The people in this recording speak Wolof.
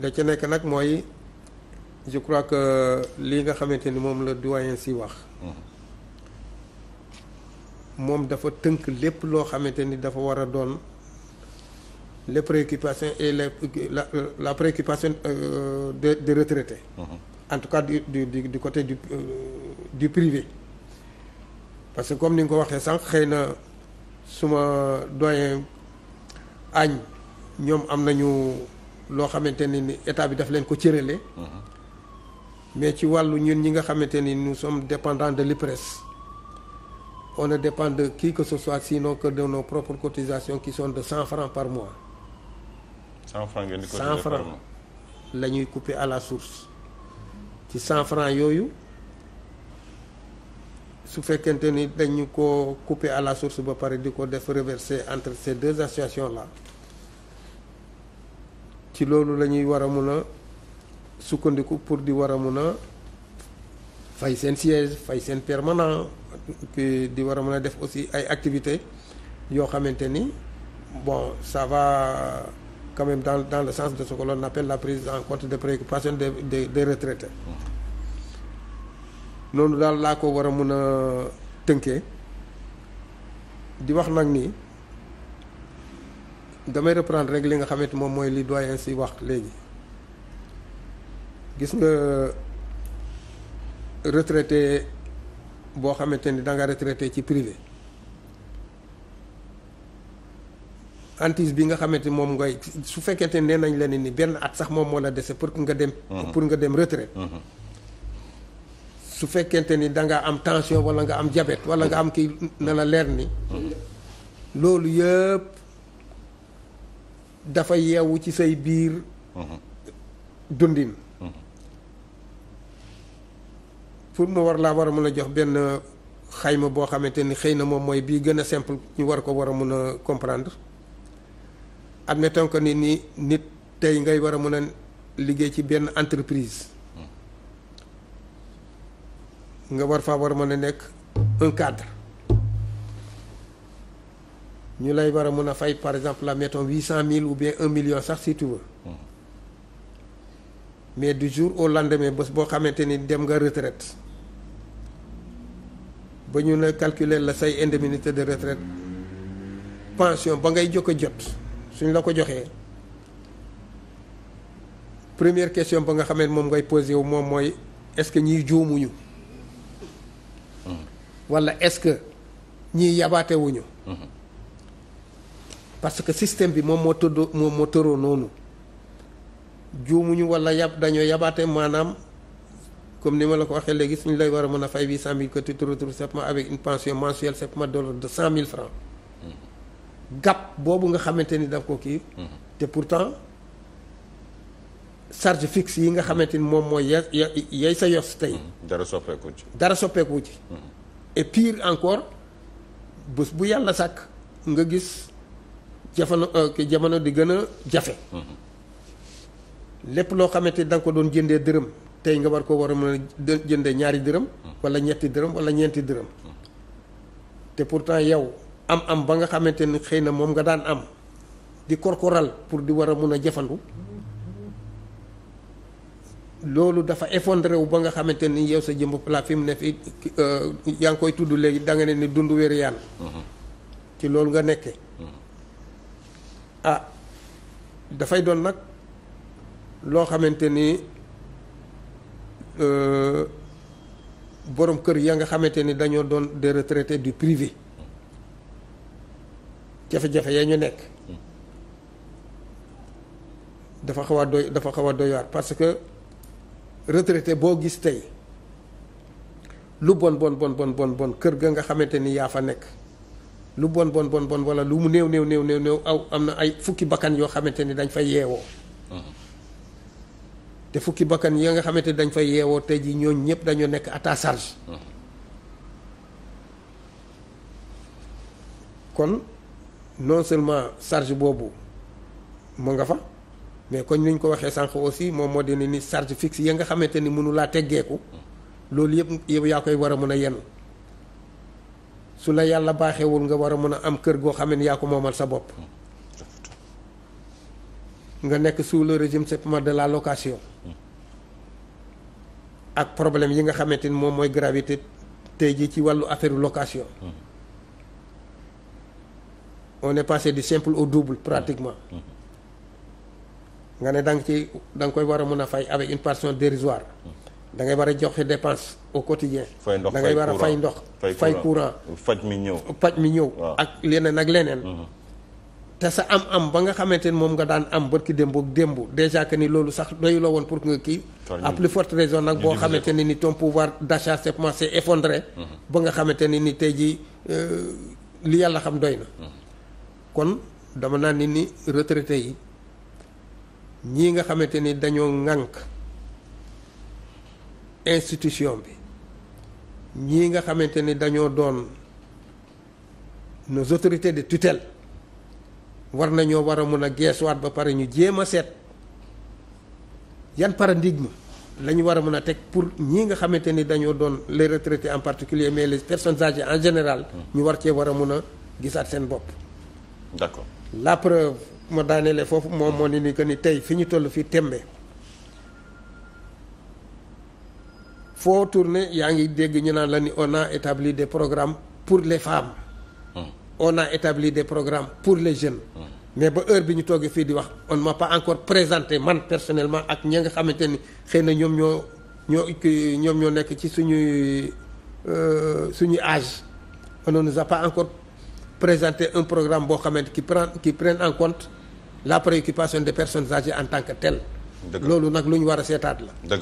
da ce nekk nag mooy je crois que li nga xamante ni moom la doyen si wax moom dafa tënk lépp loo xamante ni dafa war a doon les préoccupations et les la la préoccupation euh, de de retraités uh mm-hmm. -huh. en tout cas du du du côté du euh, du privé parce que comme ni nga ko waxee sànq xëy na suma doyen añ ñoom am nañu loo xamante ne ni état bi daf leen ko cëralee. mais ci wàllu ñun ñi nga xamante ni nous sommes dépendant de l'IPRES on ne dépend de qui que ce soit sinon que de nos qui sont de cent francs par mois. cent francs ngeen di la ñuy couper à la source ci cent francs yooyu su fekkente ni dañu ko couper à la source ba pare di ko def reverser entre ces deux associations la loolu la ñuy war a mun a sukkandiku pour di war a mun a fay seen siège fay seen permanent di war a mun a def aussi ay activités yoo xamante ni bon sa va quand même dans dans le sens de ce que l'on appelle la prise en compte des préoccupations de des des noonu daal laa ko war a mun a tënkee di wax nag ni. damay reprendre rek li nga xamante moom mooy li doyen si wax léegi gis nga retraité boo xamante ni danga retraité ci privé antis bi nga xamante moom ngay su fekkente nee nañ la ne ni benn at sax moom moo la dese pour nga dem. Mhm. pour nga dem retraite. Mhm. su fekkente ni da am tension wala nga am diabète wala nga am ki na la leer ni. Mhm. loolu yëpp. dafa yeewu ci say biir mhm. dundin mhm. pour mu war laa war a mën a jox benn xayma boo xamante ni xëy na moom mooy bii gën a semple ñu war a ko war a mën a comprendre am na que ni ni nit tey ngay war a mën a liggéey ci benn entreprise mhm. nga war faa war a mën a nekk un cadre ñu lay war a mun a fay par exemple la mettons huit cent mille ou bien un million sax si tu mm-hmm. mais du jour au lendemain bés boo xamante ni dem nga retraite ba ñu ne calculer la say indemnité de retraite pension ba ngay jokk a jot suñ la ko joxee première question ba nga xamante moom ngay posé wu moom mooy est-ce que ñiy juumuñu mm-hmm. wala est-ce que ñiy yabaatewuñu mm-hmm. parce que système bi moom moo tëddoo moom moo tëroo noonu juumuñu wala yàpp dañoo yabaate maanaam comme ni ma la ko waxee léegi suñu lay war a mën a fay huit cent mille que tu te retrouves simplement avec une pension mensuelle simplement d'ordre de cent mille francs gàpp boobu nga xamante ni daf ko kii te pourtant charge fix yi nga xamante ni moom mooy yay sa yos tey dara soppeeku ci dara soppeeku ci mm-hmm. et pire encore bés bu yàlla sàkk nga gis jafano euh, jamono di gën a jafe lépp loo xamante da nga ko doon jëndee dërëm tey nga war ko war a mën a jëndee ñaari dërëm wala ñetti dërëm wala ñeenti dërëm te pourtant yow am am ba nga xamante ni xëy na moom nga daan am di korkoral pour di war a mun a jafandu loolu dafa effondré wu ba nga xamante ni yow sa jëmb plat fi mu ne fii euh, yaa ngi koy tudd léegi danga nga ne ni dund wér yàlla mhm. ci loolu nga nekkee ah dafay doon nag loo xamante ni euh, borom kër ya nga xamante ni dañoo doon des retraités du privé jafe-jafe ya ñu nekk dafa xaw a doy dafa xaw a doy parce que retraité boo gis tey lu bon bon bon bon bon bon kër ga nga xamante ni yaa fa nekk lu bon bon bon bon wala lu mu néew néew néew néew néew aw am na ay fukki bakkan yoo xamante ni dañ fay yeewoo te fukki bakkan yi nga xamante ni dañ fay yeewoo tey ji ñooñ ñëpp dañoo nekk à ta kon non seulement charge boobu mu nga fa mais kon ni ko waxee sànq aussi moom moo di ni charge fixe yi nga xamante ni mënu laa teggeeku loolu yëpp yow yaa koy war a mën a yenn su la yàlla baaxewul nga war a mën a am kër goo xam ne yaa ko moomal sa bopp nga nekk sous le régime simplement de la location ak problème yi nga xamante ni moom mooy gravité tey jii ci wàllu affaire location on est passé du simple au double pratiquement nga ne danga nga ci da koy war a mën a fay avec une portion dérisoire da ngay war a joxe dépense au quotidien fay ndox da ngay war a fay ndox fay courant faj mi ñëw faj mi ñëw ak leneen ak leneen mhm. te sa am-am ba nga xamante ni moom nga daan am barki démb ak démb déjà que ni loolu sax doyu woon pour nga kii à plus forte raison nag boo xamante ne ni ton pouvoir d'achat s'est effondré mhm. ba nga xamante ne ni tey jii euh, li yàlla xam doy na mhm. kon dama naan ni ni retraité yi ñii nga xamante ni dañoo ngànk institution bi ñii nga xamante ni dañoo doon nos autorités de tutelle war nañoo war a mun a geesuwaat ba pare ñu jéem a seet yan paradigme la ñu war a mun a teg pour ñii nga xamante ni dañoo doon les retraités en particulier mais les personnes âgées en général. Hmm. ñu war cee war a mun a gisaat seen bopp. d'accord la preuve ma daanelee foofu moom moo ne ni que ni tey fi ñu toll fii tembe foo tourné yaa ngi dégg ñu naan la ni on a établi des programmes pour les femmes. Hmm. on a établi des programmes pour les jeunes. Hmm. mais ba heure bi ñu toogee fii di wax on m'a pas encore présenté man personnellement ak ñi nga xamante ni xëy na ñoom ñoo ñoo ñoom ñoo nekk ci suñuy euh, suñuy âge. on ne nous a pas encore présenté un programme boo xamante qui prend qui prenne en compte la préoccupation des personnes âgées en tant que telles. loolu nag lu ñu war a seetaat la.